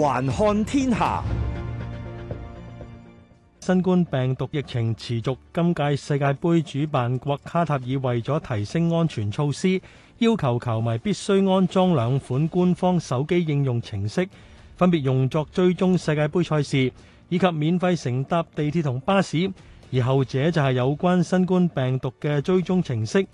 環看天下，新冠病毒疫情持續，今屆世界杯主辦國卡塔爾為咗提升安全措施，要求球迷必須安裝兩款官方手機應用程式，分別用作追蹤世界杯賽事以及免費乘搭地鐵同巴士，而後者就係有關新冠病毒嘅追蹤程式。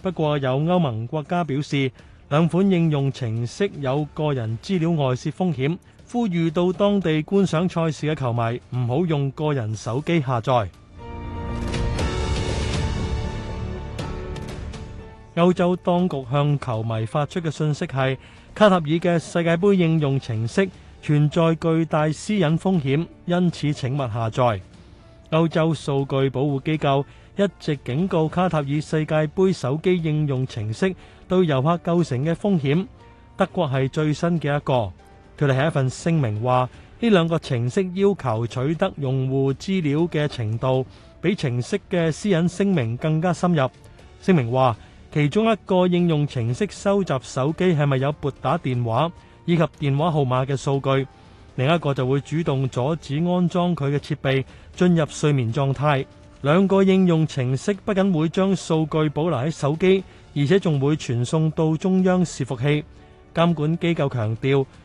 不過有歐盟國家表示，兩款應用程式有個人資料外泄風險。呼籲到當地觀賞賽事嘅球迷唔好用個人手機下載。歐 洲當局向球迷發出嘅訊息係：卡塔爾嘅世界盃應用程式存在巨大私隱風險，因此請勿下載。歐洲數據保護機構一直警告卡塔爾世界盃手機應用程式對遊客構成嘅風險。德國係最新嘅一個。佢哋喺一份聲明話：呢兩個程式要求取得用戶資料嘅程度，比程式嘅私隱聲明更加深入。聲明話，其中一個應用程式收集手機係咪有撥打電話以及電話號碼嘅數據，另一個就會主動阻止安裝佢嘅設備進入睡眠狀態。兩個應用程式不僅會將數據保留喺手機，而且仲會傳送到中央伺服器。監管機構強調，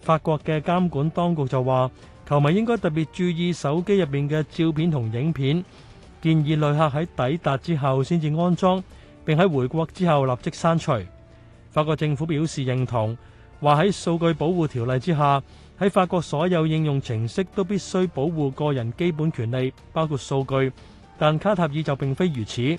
法國嘅監管當局就話，球迷應該特別注意手機入面嘅照片同影片，建議旅客喺抵達之後先至安裝，並喺回國之後立即刪除。法國政府表示認同，話喺數據保護條例之下，喺法國所有應用程式都必須保護個人基本權利，包括數據。但卡塔爾就並非如此。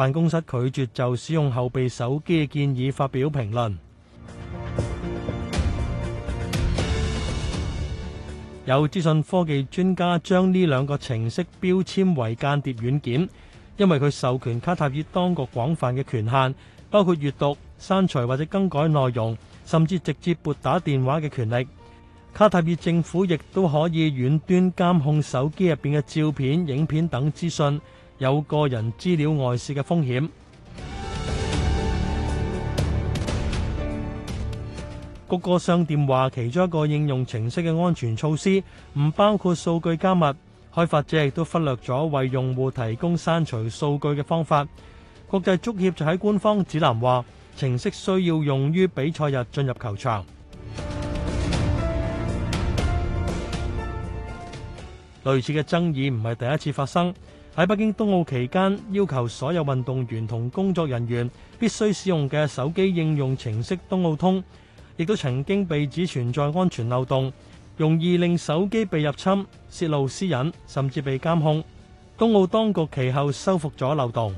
辦公室拒絕就使用後備手機嘅建議發表評論。 有資訊科技專家將呢兩個程式標籤為間諜軟件，因為佢授權卡塔爾當局廣泛嘅權限，包括閱讀、刪除或者更改內容，甚至直接撥打電話嘅權力。卡塔爾政府亦都可以遠端監控手機入邊嘅照片、影片等資訊。有個人資料外泄嘅風險。谷歌商店話，其中一個應用程式嘅安全措施唔包括數據加密。開發者亦都忽略咗為用戶提供刪除數據嘅方法。國際足協就喺官方指南話，程式需要用於比賽日進入球場。類似嘅爭議唔係第一次發生。喺北京冬奧期間，要求所有運動員同工作人員必須使用嘅手機應用程式冬奧通，亦都曾經被指存在安全漏洞，容易令手機被入侵、泄露私隱，甚至被監控。冬奧當局其後修復咗漏洞。